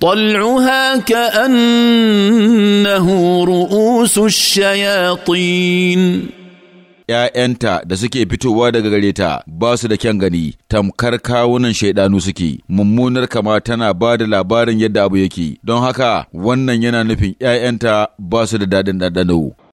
طلعها كأنه رؤوس الشياطين ‘ya'yanta da suke fitowa daga gare ta ba su da kyan gani, tamkar kawunan shaidanu suke, mummunar kama tana ba da labarin yadda abu yake, don haka wannan yana nufin ‘ya'yanta ba su da daɗin ɗanɗano.